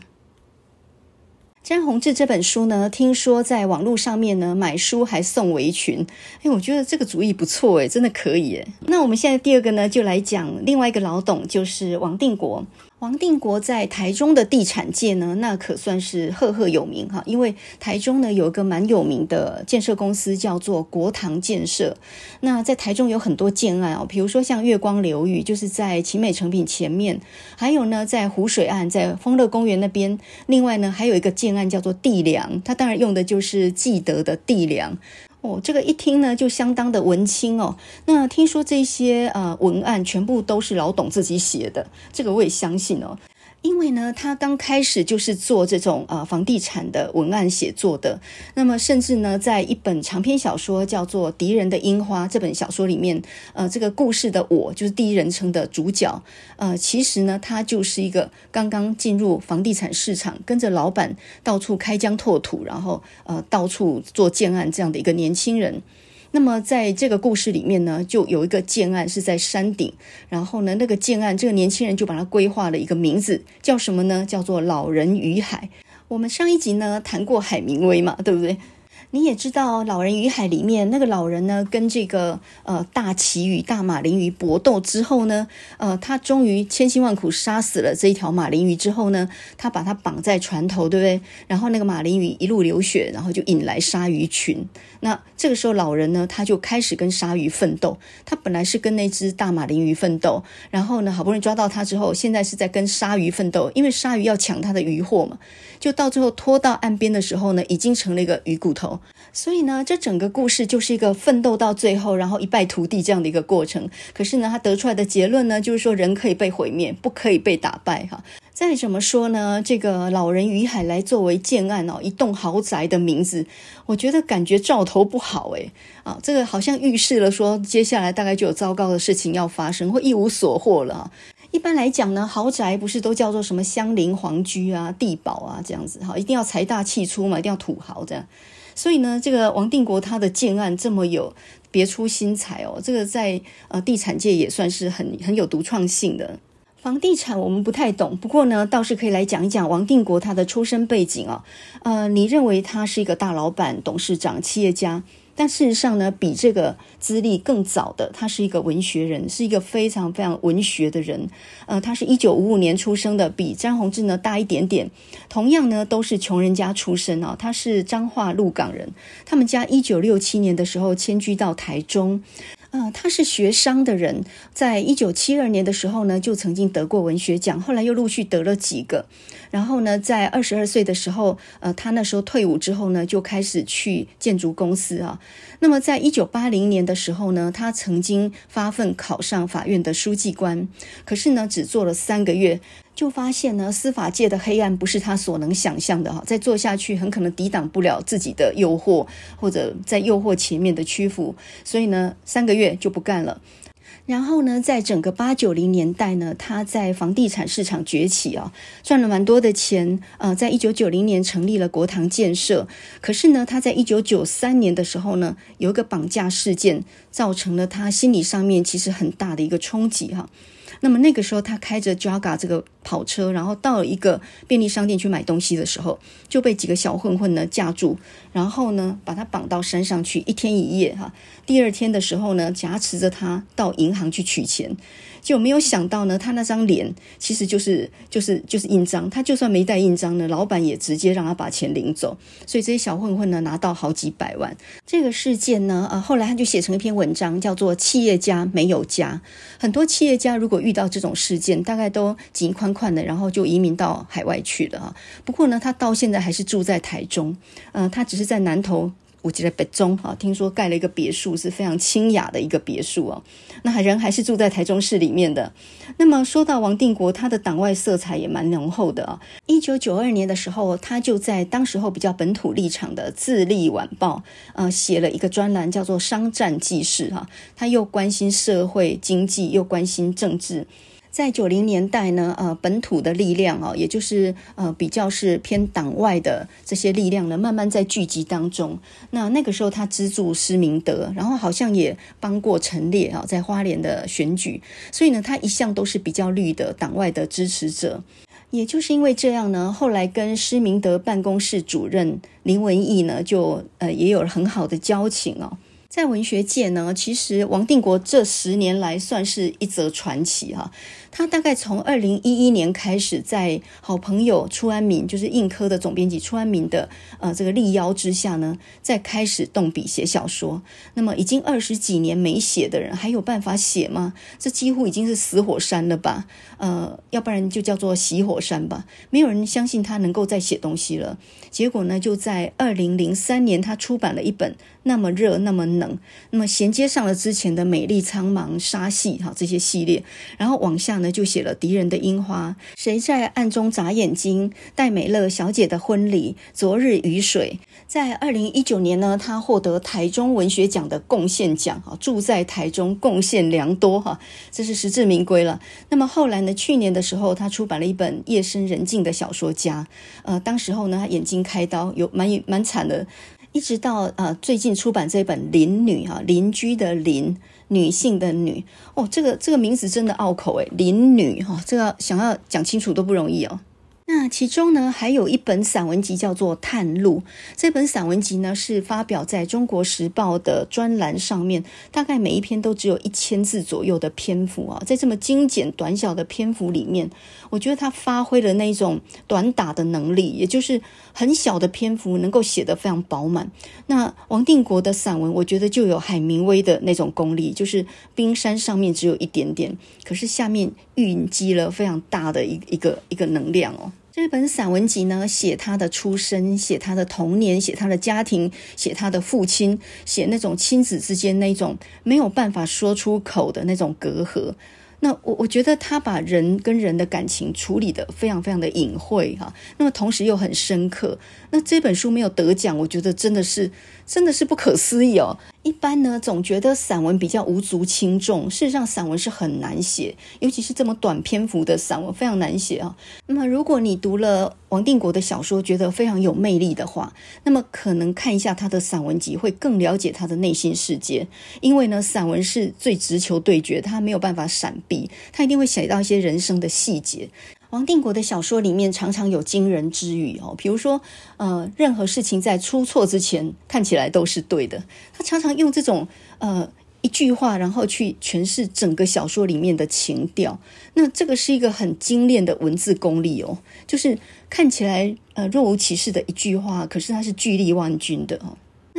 詹宏志這本書呢，聽說在網絡上面呢，買書還送圍裙，哎，我覺得這個主意不錯哎，真的可以哎。那我們現在第二個呢，就來講另外一個老董，就是王定國。王定國在台中的地產界呢，那可算是赫赫有名哈，因為台中呢有一個蠻有名的建設公司叫做國堂建設，那在台中有很多建案哦，比如說像月光流域，就是在勤美誠品前面，還有呢在湖水岸，在豐樂公園那邊，另外呢還有一個建案叫做地糧，它當然用的就是紀德的地糧。哦，這個一聽呢就相當的文青哦。那聽說這些呃文案全部都是老董自己寫的，這個我也相信哦。因為呢，他剛開始就是做這種啊、呃、房地產的文案寫作的。那麼，甚至呢，在一本長篇小說叫做《敵人的櫻花》這本小說裡面，呃，這個故事的我就是第一人稱的主角。呃，其實呢，他就是一個剛剛進入房地產市場，跟着老闆到處開疆拓土，然後呃到處做建案這樣的一個年輕人。那麼在這個故事裡面呢，就有一個建案是在山頂，然後呢，那個建案這個年輕人就把它規劃了一個名字，叫什麼呢？叫做《老人與海》。我們上一集呢談過海明威嘛，對不對？你也知道，《老人與海》裡面那個老人呢，跟這個呃大旗魚、大馬林魚搏鬥之後呢，呃，他終於千辛萬苦殺死了這一條馬林魚之後呢，他把他綁在船頭，對不對？然後那個馬林魚一路流血，然後就引來鯊魚群。那這個時候，老人呢，他就開始跟鯊魚奮鬥。他本來是跟那只大馬林魚奮鬥，然後呢，好不容易抓到他之後，現在是在跟鯊魚奮鬥，因為鯊魚要搶他的魚獲嘛。就到最後拖到岸邊的時候呢，已經成了一個魚骨頭。所以呢，這整個故事就是一個奮鬥到最後，然後一敗塗地這樣的一個過程。可是呢，他得出來的結論呢，就是說人可以被毀滅，不可以被打敗哈。再怎麼說呢，這個“老人與海”來作為建案哦，一棟豪宅的名字，我覺得感覺兆頭不好哎啊，這個好像預示了說，接下來大概就有糟糕的事情要發生，會一無所獲了哈。一般來講呢，豪宅不是都叫做什麼鄉林皇居啊、地堡啊這樣子哈，一定要財大氣粗嘛，一定要土豪這樣。所以呢，這個王定國他的建案這麼有別出心裁哦，這個在呃地產界也算是很很有獨創性的。房地產我們不太懂，不過呢，倒是可以來講一講王定國他的出身背景啊、哦，呃，你認為他是一個大老闆、董事長、企業家？但事實上呢，比這個資歷更早的，他是一個文學人，是一個非常非常文學的人。呃，他是一九五五年出生的，比詹宏志呢大一點點。同樣呢，都是窮人家出身哦，他是彰化鹿港人，他們家一九六七年的時候遷居到台中。啊、呃，他是學商的人，在一九七二年的時候呢，就曾經得過文學獎，後來又陸續得了幾個。然後呢，在二十二歲的時候，呃，他那時候退伍之後呢，就開始去建築公司啊。那麼，在一九八零年的時候呢，他曾經發奮考上法院的書記官，可是呢，只做了三個月。就發現呢，司法界的黑暗不是他所能想象的哈。再做下去，很可能抵擋不了自己的誘惑，或者在誘惑前面的屈服。所以呢，三個月就不幹了。然後呢，在整個八九零年代呢，他在房地產市場崛起啊，賺了蠻多的錢啊、呃。在一九九零年成立了國堂建設。可是呢，他在一九九三年的時候呢，有一個綁架事件，造成了他心理上面其實很大的一個衝擊哈、啊。那麼那個時候，他開着 Jaguar 這個跑車，然後到了一個便利商店去買東西的時候，就被幾個小混混呢架住，然後呢把他綁到山上去，一天一夜哈。第二天的時候呢，挾持着他到銀行去取錢。就沒有想到呢，他那張臉其實就是就是就是印章，他就算沒帶印章呢，老板也直接讓他把錢領走，所以這些小混混呢拿到好幾百萬。這個事件呢，呃後來他就寫成一篇文章，叫做《企業家沒有家》。很多企業家如果遇到這種事件，大概都緊寬寬的，然後就移民到海外去了啊。不過呢，他到現在還是住在台中，呃他只是在南投。我記得北中啊，聽說蓋了一個別墅，是非常清雅的一個別墅哦。那還人還是住在台中市裡面的。那麼說到王定國，他的黨外色彩也蠻濃厚的啊。一九九二年的時候，他就在當時候比較本土立場的《自立晚報》啊寫了一個專欄，叫做《商戰記事》哈。他又關心社會經濟，又關心政治。在九零年代呢，呃，本土的力量哦，也就是呃比較是偏黨外的這些力量呢，慢慢在聚集當中。那那個時候他資助施明德，然後好像也幫過陳列啊、哦，在花蓮的選舉。所以呢，他一向都是比較綠的黨外的支持者。也就是因為這樣呢，後來跟施明德辦公室主任林文義呢，就呃也有了很好的交情哦。在文學界呢，其實王定國這十年來算是一則傳奇哈、啊。那大概從二零一一年開始，在好朋友初安民，就是印刻的總編輯初安民的呃這個力邀之下呢，再開始動筆寫小說。那麼已經二十幾年沒寫的人，還有辦法寫嗎？這幾乎已經是死火山了吧？呃，要不然就叫做“熄火山”吧。沒有人相信他能夠再寫東西了。結果呢，就在二零零三年，他出版了一本《那麼熱，那麼冷》，那麼銜接上了之前的《美麗蒼茫》《沙戲》好，哈這些系列。然後往下呢，就寫了《敵人的櫻花》《誰在暗中眨眼睛》《戴美樂小姐的婚禮》《昨日雨水》。在二零一九年呢，他獲得台中文學獎的貢獻獎啊，住在台中貢獻良多哈，這是實至名歸了。那麼後來呢，去年的時候，他出版了一本《夜深人靜的小說家》。呃，當時候呢，他眼睛開刀，有蠻蠻，蠻慘的，一直到呃最近出版這本《鄰女》哈，鄰居的鄰，女性的女。哦，這個這個名字真的拗口誒、欸、鄰女哈、哦，這個想要講清楚都不容易哦。那其中呢，還有一本散文集叫做《探路》。這本散文集呢，是發表在中國時報的專欄上面，大概每一篇都只有一千字左右的篇幅啊、哦。在這麼精簡短小的篇幅裡面，我覺得他發揮了那種短打的能力，也就是很小的篇幅能夠寫得非常飽滿。那王定國的散文，我覺得就有海明威的那種功力，就是冰山上面只有一點點，可是下面蘊積了非常大的一一個一個能量哦。這本散文集呢，寫他的出生，寫他的童年，寫他的家庭，寫他的父親，寫那種親子之間那種沒有辦法說出口的那種隔閡。那我我覺得他把人跟人的感情處理得非常非常的隱晦哈，那麼同時又很深刻。那這本書沒有得獎，我覺得真的是，真的是不可思議哦。一般呢，總覺得散文比較無足輕重。事實上，散文是很難寫，尤其是這麼短篇幅的散文，非常難寫啊。那麼，如果你讀了王定國的小說，覺得非常有魅力的話，那麼可能看一下他的散文集，會更了解他的內心世界。因為呢，散文是最直球對決，他沒有辦法閃避，他一定會寫到一些人生的細節。王定國的小說裡面常常有驚人之語哦，比如說，呃，任何事情在出錯之前看起來都是對的。他常常用這種呃一句話，然後去詮釋整個小說裡面的情調。那這個是一個很精煉的文字功力哦，就是看起來呃若無其事的一句話，可是它是巨力萬鈞的。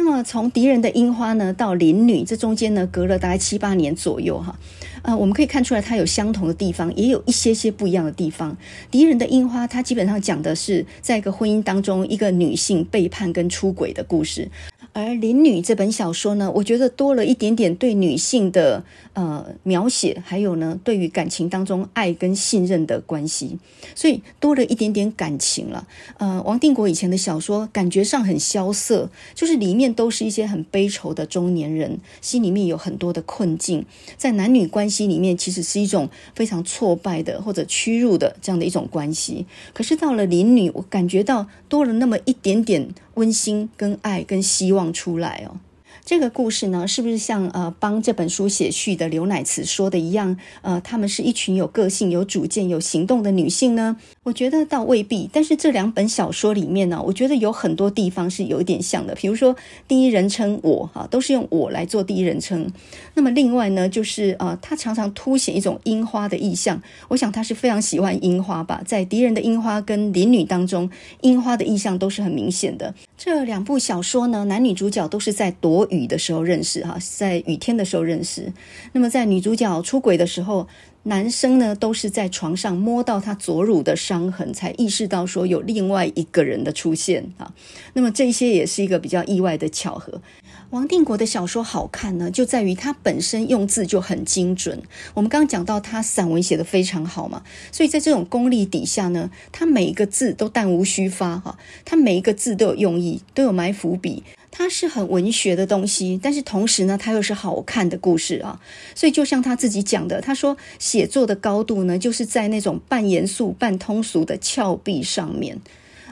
那麼從敵人的櫻花呢到鄰女，這中間呢隔了大概七八年左右哈，呃，我們可以看出來它有相同的地方，也有一些些不一樣的地方。敵人的櫻花，它基本上講的是在一個婚姻當中，一個女性背叛跟出軌的故事。而《鄰女》這本小說呢，我覺得多了一點點對女性的呃描寫，還有呢，對於感情當中愛跟信任的關係，所以多了一點點感情了。呃，王定國以前的小說感覺上很蕭瑟，就是裡面都是一些很悲愁的中年人，心裡面有很多的困境，在男女關係裡面其實是一種非常挫敗的或者屈辱的這樣的一種關係。可是到了《鄰女》，我感覺到多了那麼一點點，溫馨跟愛跟希望出來哦，這個故事呢，是不是像呃幫這本書寫序的劉乃慈說的一樣，呃，她們是一群有個性、有主見、有行動的女性呢？我覺得倒未必，但是這兩本小說裡面呢、啊，我覺得有很多地方是有一點像的。比如說第一人稱我哈，都是用我來做第一人稱。那麼另外呢，就是呃、啊，他常常凸顯一種櫻花的意象。我想他是非常喜歡櫻花吧，在《敵人的櫻花》跟《鄰女》當中，櫻花的意象都是很明顯的。這兩部小說呢，男女主角都是在躲雨的時候認識哈，在雨天的時候認識。那麼在女主角出軌的時候。男生呢，都是在床上摸到他左乳的傷痕，才意識到說有另外一個人的出現哈，那麼這些也是一個比較意外的巧合。王定國的小說好看呢，就在於他本身用字就很精準。我們剛剛講到他散文寫得非常好嘛，所以在這種功力底下呢，他每一個字都彈無虛發哈，他每一個字都有用意，都有埋伏筆。它是很文學的東西，但是同時呢，它又是好看的故事啊。所以就像他自己講的，他說寫作的高度呢，就是在那種半嚴肅、半通俗的峭壁上面。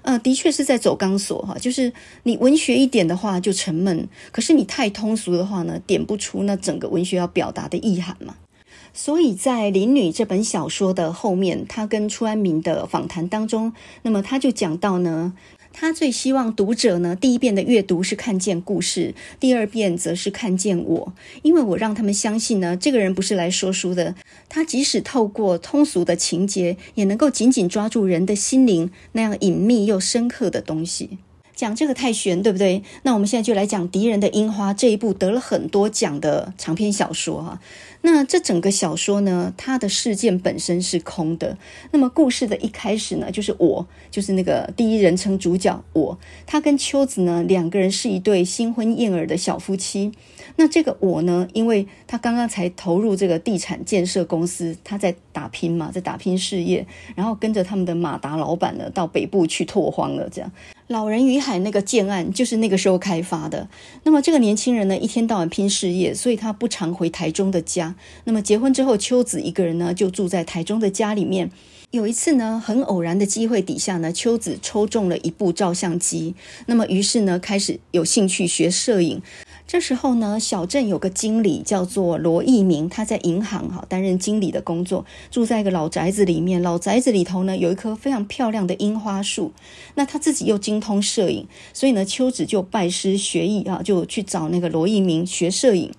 呃，的確是在走鋼索哈、啊。就是你文學一點的話就沉悶，可是你太通俗的話呢，點不出那整個文學要表達的意涵嘛。所以在《鄰女》這本小說的後面，他跟初安明的訪談當中，那麼他就講到呢。他最希望讀者呢，第一遍的閱讀是看見故事，第二遍則是看見我，因為我讓他們相信呢，這個人不是來說書的，他即使透過通俗的情節，也能夠緊緊抓住人的心靈，那樣隱秘又深刻的東西。講這個太玄，對不對？那我們現在就來講《敵人的櫻花》這一部得了很多獎的長篇小說啊。那這整個小說呢，它的事件本身是空的。那麼故事的一開始呢，就是我，就是那個第一人稱主角我，他跟秋子呢兩個人是一對新婚燕爾的小夫妻。那這個我呢，因為他剛剛才投入這個地產建設公司，他在打拼嘛，在打拼事業，然後跟着他們的馬達老闆呢到北部去拓荒了。這樣，老人與海那個建案就是那個時候開發的。那麼這個年輕人呢，一天到晚拼事業，所以他不常回台中的家。那麼結婚之後，秋子一個人呢就住在台中的家裡面。有一次呢，很偶然的機會底下呢，秋子抽中了一部照相機。那麼於是呢，開始有興趣學攝影。這時候呢，小鎮有個經理叫做羅義明，他在銀行哈、啊、擔任經理的工作，住在一個老宅子裡面。老宅子裡頭呢，有一棵非常漂亮的櫻花樹。那他自己又精通攝影，所以呢，秋子就拜師學藝啊，就去找那個羅義明學攝影。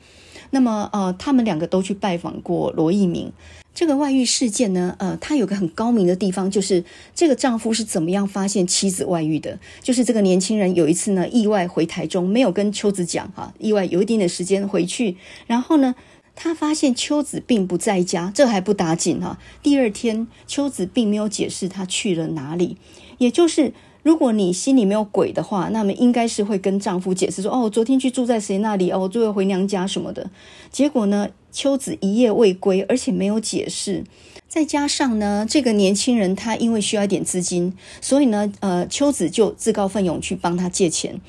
那麼，呃，他們兩個都去拜訪過羅毅明。這個外遇事件呢，呃，他有個很高明的地方，就是這個丈夫是怎麼樣發現妻子外遇的。就是這個年輕人有一次呢，意外回台中，沒有跟秋子講哈、啊，意外有一點點時間回去，然後呢，他發現秋子並不在家，這還不打緊哈、啊。第二天，秋子並沒有解釋他去了哪裡，也就是。如果你心裡沒有鬼的話，那麼應該是會跟丈夫解釋說：“哦，昨天去住在誰那裡哦，最後回娘家什麼的。”結果呢，秋子一夜未歸，而且沒有解釋。再加上呢，這個年輕人他因為需要一點資金，所以呢，呃，秋子就自告奮勇去幫他借錢。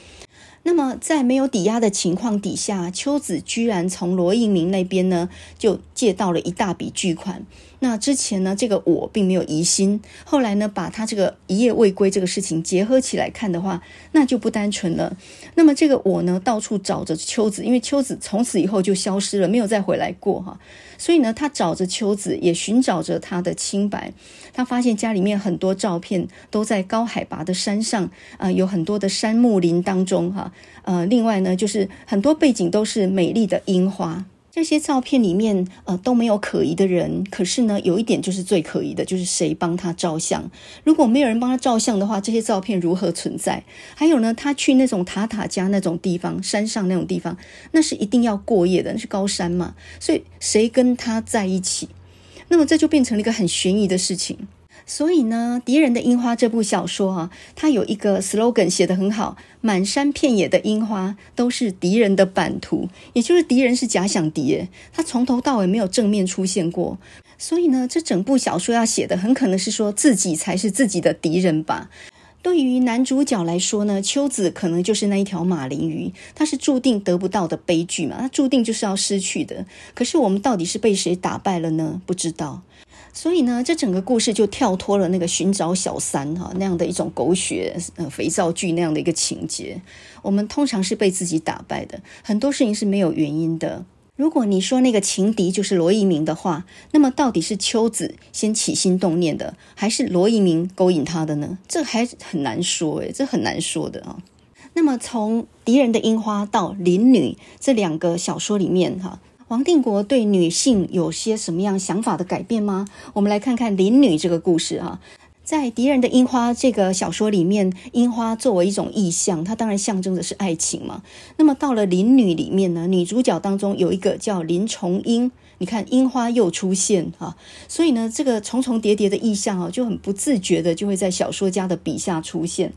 那麼在沒有抵押的情況底下，秋子居然從羅應明那邊呢就借到了一大筆鉅款。那之前呢，這個我並沒有疑心。後來呢，把他這個一夜未歸這個事情結合起來看的話，那就不單純了。那麼這個我呢，到處找着秋子，因為秋子從此以後就消失了，沒有再回來過哈。所以呢，他找着秋子，也尋找着他的清白。他發現家裡面很多照片都在高海拔的山上，啊、呃，有很多的杉木林當中哈。呃，另外呢，就是很多背景都是美麗的櫻花。這些照片裡面，呃，都沒有可疑的人。可是呢，有一點就是最可疑的，就是誰幫他照相？如果沒有人幫他照相的話，這些照片如何存在？還有呢，他去那種塔塔家那種地方，山上那種地方，那是一定要過夜的，那是高山嘛。所以誰跟他在一起？那麼這就變成了一個很懸疑的事情。所以呢，敵人的櫻花這部小說啊，它有一個 slogan 寫得很好，滿山遍野的櫻花都是敵人的版圖，也就是敵人是假想敵，他從頭到尾沒有正面出現過。所以呢，這整部小說要寫的很可能是說自己才是自己的敵人吧。對於男主角來說呢，秋子可能就是那一條馬林魚，魚，他是注定得不到的悲劇嘛，他注定就是要失去的。可是我們到底是被誰打敗了呢？不知道。所以呢，這整個故事就跳脫了那個尋找小三哈、啊、那樣的一種狗血呃肥皂劇那樣的一個情節。我們通常是被自己打敗的，很多事情是沒有原因的。如果你說那個情敵就是羅一鳴的話，那麼到底是秋子先起心動念的，還是羅一鳴勾引他的呢？這還很難說哎、欸，這很難說的啊。那麼從《敵人的櫻花》到《鄰女》這兩個小說裡面哈、啊。王定國對女性有些什麼樣想法的改變嗎？我們來看看鄰女這個故事哈、啊，在敵人的櫻花這個小說裡面，櫻花作為一種意象，它當然象徵的是愛情嘛。那麼到了鄰女裡面呢，女主角當中有一個叫林重櫻，你看櫻花又出現哈、啊，所以呢，這個重重疊疊的意象啊，就很不自覺的就會在小說家的筆下出現。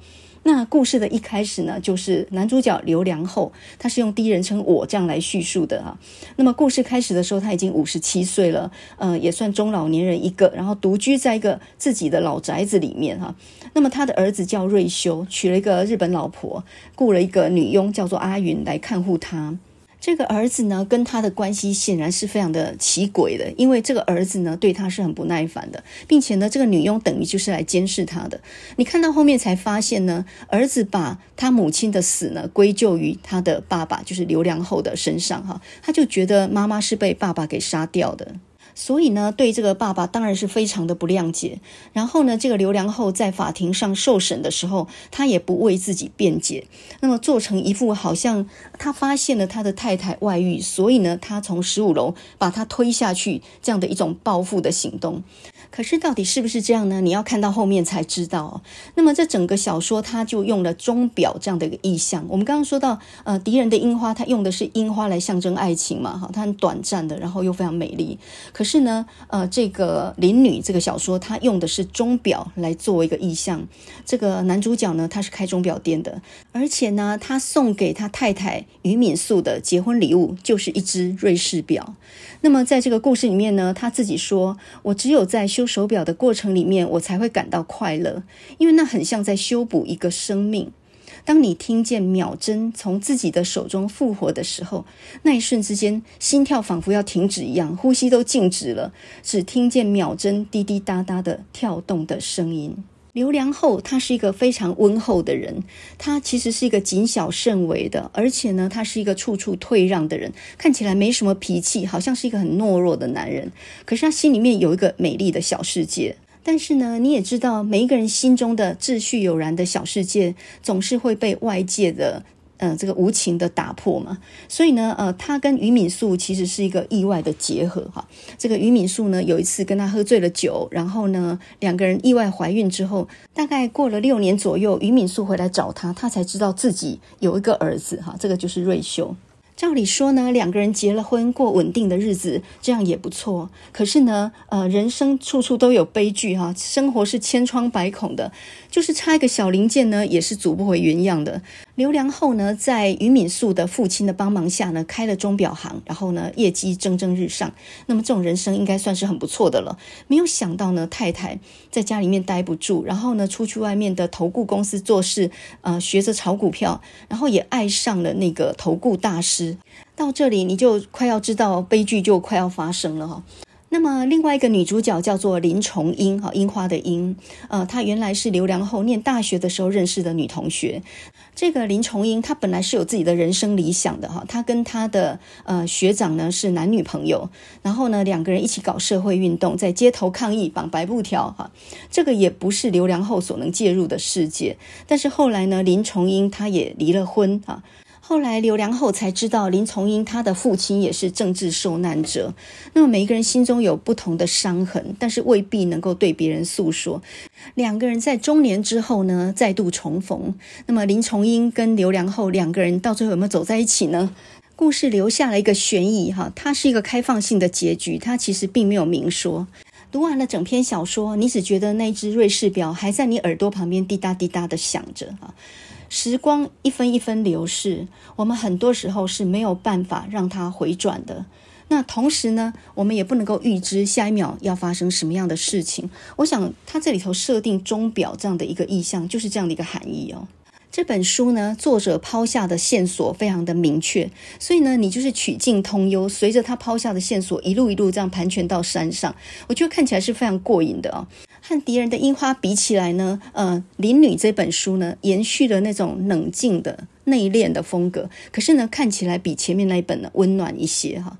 那故事的一開始呢，就是男主角劉良厚，他是用第一人稱我這樣來敘述的哈、啊。那麼故事開始的時候，他已經五十七歲了，嗯、呃，也算中老年人一個，然後獨居在一個自己的老宅子裡面哈、啊。那麼他的兒子叫瑞修，娶了一個日本老婆，僱了一個女傭叫做阿雲來看護他。這個兒子呢，跟他的關係顯然是非常的奇詭的，因為這個兒子呢，對他是很不耐煩的，並且呢，這個女傭等於就是來監視他的。你看到後面才發現呢，兒子把他母親的死呢歸咎於他的爸爸，就是劉良厚的身上，哈，他就覺得媽媽是被爸爸給殺掉的。所以呢，對這個爸爸當然是非常的不諒解。然後呢，這個劉良厚在法庭上受審的時候，他也不為自己辯解，那麼做成一副好像他發現了他的太太外遇，所以呢，他從十五樓把他推下去，這樣的一種報復的行動。可是到底是不是這樣呢？你要看到後面才知道哦。那麼這整個小說，它就用了鐘錶這樣的一個意象。我們剛剛說到，呃，敵人的櫻花，它用的是櫻花來象徵愛情嘛，哈，它很短暫的，然後又非常美麗。可是呢，呃，這個《鄰女》這個小說，它用的是鐘錶來作為一個意象。這個男主角呢，他是開鐘錶店的，而且呢，他送給他太太余敏愫的結婚禮物就是一隻瑞士錶。那麼在這個故事裡面呢，他自己說：“我只有在修手錶的過程裡面，我才會感到快樂，因為那很像在修補一個生命。當你聽見秒針從自己的手中復活的時候，那一瞬之間，心跳仿佛要停止一樣，呼吸都靜止了，只聽見秒針滴滴答答的跳動的聲音。”劉良厚他是一個非常溫厚的人，他其實是一個謹小慎微的，而且呢，他是一個處處退讓的人，看起來沒什麼脾氣，好像是一個很懦弱的男人。可是他心裡面有一個美麗的小世界。但是呢，你也知道，每一個人心中的秩序井然的小世界，總是會被外界的。嗯、呃，這個無情的打破嘛，所以呢，呃，他跟余敏愫其實是一個意外的結合哈。這個余敏愫呢，有一次跟他喝醉了酒，然後呢，兩個人意外懷孕之後，大概過了六年左右，余敏愫回來找他，他才知道自己有一個兒子哈。這個就是瑞秋。照理說呢，兩個人結了婚，過穩定的日子，這樣也不錯。可是呢，呃，人生處處都有悲劇哈，生活是千瘡百孔的。就是差一個小零件，呢，也是組不回原樣的。劉良厚呢，在余敏愫的父親的幫忙下呢，開了鐘錶行，然後呢，業績蒸蒸日上。那麼這種人生應該算是很不錯的了。沒有想到呢，太太在家裡面待不住，然後呢，出去外面的投顧公司做事，呃，學着炒股票，然後也愛上了那個投顧大師。到這裡你就快要知道悲劇就快要發生了哈、哦。那麼另外一個女主角叫做林重櫻哈，櫻花的櫻，呃，她原來是劉良厚念大學的時候認識的女同學。這個林重櫻她本來是有自己的人生理想的哈，她跟她的呃學長呢是男女朋友，然後呢，兩個人一起搞社會運動，在街頭抗議綁白布條哈，這個也不是劉良厚所能介入的世界。但是後來呢，林重櫻她也離了婚啊。後來劉良厚才知道林重櫻，他的父親也是政治受難者。那麼每一個人心中有不同的傷痕，但是未必能夠對別人訴說。兩個人在中年之後呢，再度重逢。那麼林重櫻跟劉良厚兩個人到最後有沒有走在一起呢？故事留下了一個懸疑哈，它是一個開放性的結局，它其實並沒有明說。讀完了整篇小說，你只覺得那隻瑞士錶還在你耳朵旁邊滴答滴答的響着啊。時光一分一分流逝，我們很多時候是沒有辦法讓它回轉的。那同時呢，我們也不能夠預知下一秒要發生什麼樣的事情。我想它這裡頭設定鐘錶這樣的一個意象，就是這樣的一個含義哦。這本書呢，作者拋下的線索非常的明確，所以呢，你就是曲徑通幽，隨着他拋下的線索一路一路這樣盤旋到山上，我覺得看起來是非常過癮的哦。和敵人的櫻花比起來呢，呃，《鄰女》這本書呢，延續了那種冷靜的內斂的風格，可是呢，看起來比前面那一本呢溫暖一些哈、啊。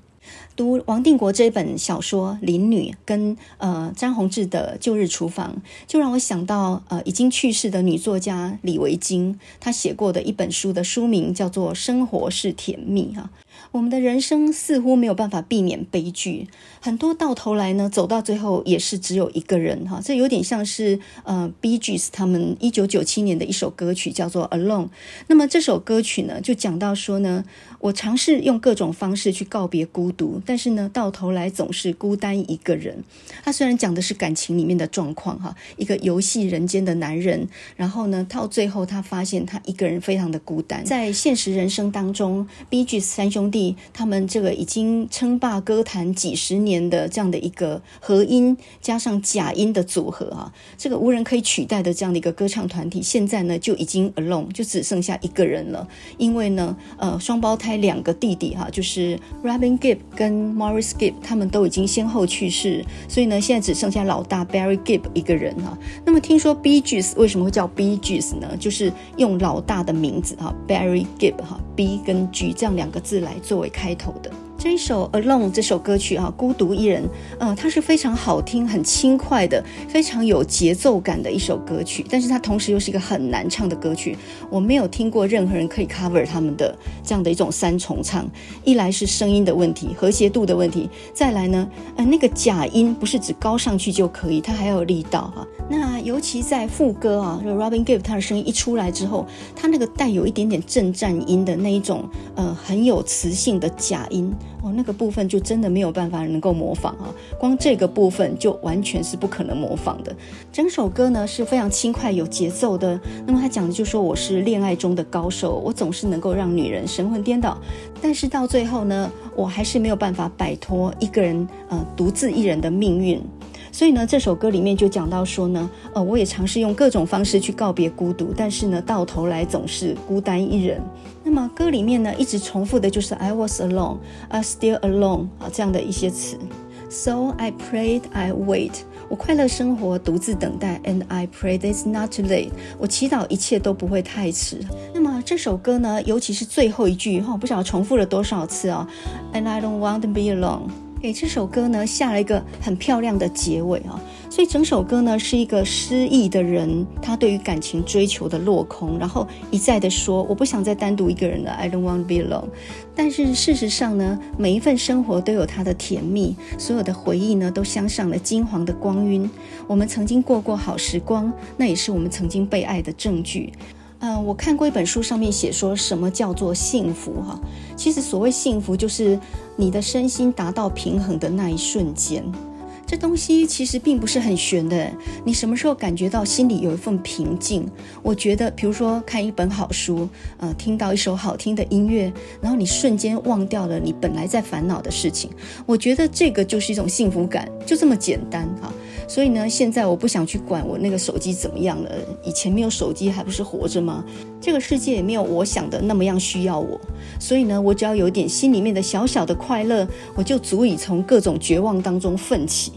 讀王定國這本小說《鄰女》跟呃詹宏志的《舊日廚房》，就讓我想到呃已經去世的女作家李維京，她寫過的一本書的書名叫做《生活是甜蜜》哈、啊。我們的人生似乎沒有辦法避免悲劇，很多到頭來呢，走到最後也是只有一個人哈，這有點像是呃，Bee Gees 他們一九九七年的一首歌曲叫做《Alone》。那麼這首歌曲呢，就講到說呢。我嘗試用各種方式去告別孤獨，但是呢，到頭來總是孤單一個人。他雖然講的是感情裡面的狀況，哈，一個遊戲人間的男人，然後呢，到最後他發現他一個人非常的孤單。在現實人生當中，Bee Gees 三兄弟他們這個已經稱霸歌壇幾十年的這樣的一個合音加上假音的組合啊，這個無人可以取代的這樣的一個歌唱團體，現在呢就已經 alone，就只剩下一個人了。因為呢，呃，雙胞胎。兩個弟弟哈，就是 Robin Gibb 跟 Maurice Gibb，他們都已經先後去世，所以呢，現在只剩下老大 Barry Gibb 一個人哈。那麼，聽說 Bee Gees 為什麼會叫 Bee Gees 呢？就是用老大的名字哈 Barry Gibb 哈 B 跟 G 這樣兩個字來作為開頭的。這一首《Alone》這首歌曲啊，孤獨一人，嗯、呃，它是非常好聽、很輕快的，非常有節奏感的一首歌曲。但是它同時又是一個很難唱的歌曲。我沒有聽過任何人可以 cover 他們的這樣的一種三重唱。一來是聲音的問題，和諧度的問題；再來呢，嗯、呃，那個假音不是只高上去就可以，它還有力道哈、啊。那尤其在副歌啊，就 Robin Gibb 他的聲音一出來之後，他那個帶有一點點震顫音的那一種，呃，很有磁性的假音。哦，那個部分就真的沒有辦法能夠模仿啊。光這個部分就完全是不可能模仿的。整首歌呢是非常輕快有節奏的，那麼他講的就是說我是戀愛中的高手，我總是能夠讓女人神魂顛倒，但是到最後呢，我還是沒有辦法擺脫一個人，呃，獨自一人的命運。所以呢，這首歌裡面就講到說呢，呃、哦，我也嘗試用各種方式去告別孤獨，但是呢，到頭來總是孤單一人。那麼歌裡面呢，一直重複的就是 I was alone, I'm still alone 啊、哦、這樣的一些詞。So I prayed, I wait，我快樂生活，獨自等待。And I pray this not too late，我祈禱一切都不會太遲。那麼這首歌呢，尤其是最後一句哈，我、哦、不曉得重複了多少次哦。And I don't want to be alone。給這首歌呢下了一個很漂亮的結尾啊、哦，所以整首歌呢是一個失意的人，他對於感情追求的落空，然後一再的說我不想再單獨一個人了，I don't wanna be alone。但是事實上呢，每一份生活都有它的甜蜜，所有的回憶呢都鑲上了金黃的光暈。我們曾經過過好時光，那也是我們曾經被愛的證據。嗯、呃，我看過一本書，上面寫說什麼叫做幸福？哈，其實所謂幸福，就是你的身心達到平衡的那一瞬間。這東西其實並不是很玄的。你什麼時候感覺到心裡有一份平靜？我覺得，比如說看一本好書，呃，聽到一首好聽的音樂，然後你瞬間忘掉了你本來在煩惱的事情，我覺得這個就是一種幸福感，就這麼簡單哈。所以呢，現在我不想去管我那個手機怎麼樣了。以前沒有手機，還不是活着嗎？這個世界也沒有我想的那麼樣需要我。所以呢，我只要有一點心裡面的小小的快樂，我就足以從各種絕望當中奮起。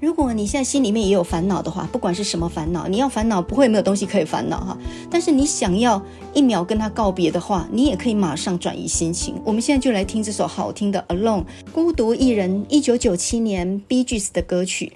如果你現在心裡面也有煩惱的話，不管是什麼煩惱，你要煩惱不會沒有東西可以煩惱哈。但是你想要一秒跟他告別的話，你也可以馬上轉移心情。我們現在就來聽這首好聽的《Alone》，孤獨一人，一九九七年 Bee Gees 的歌曲。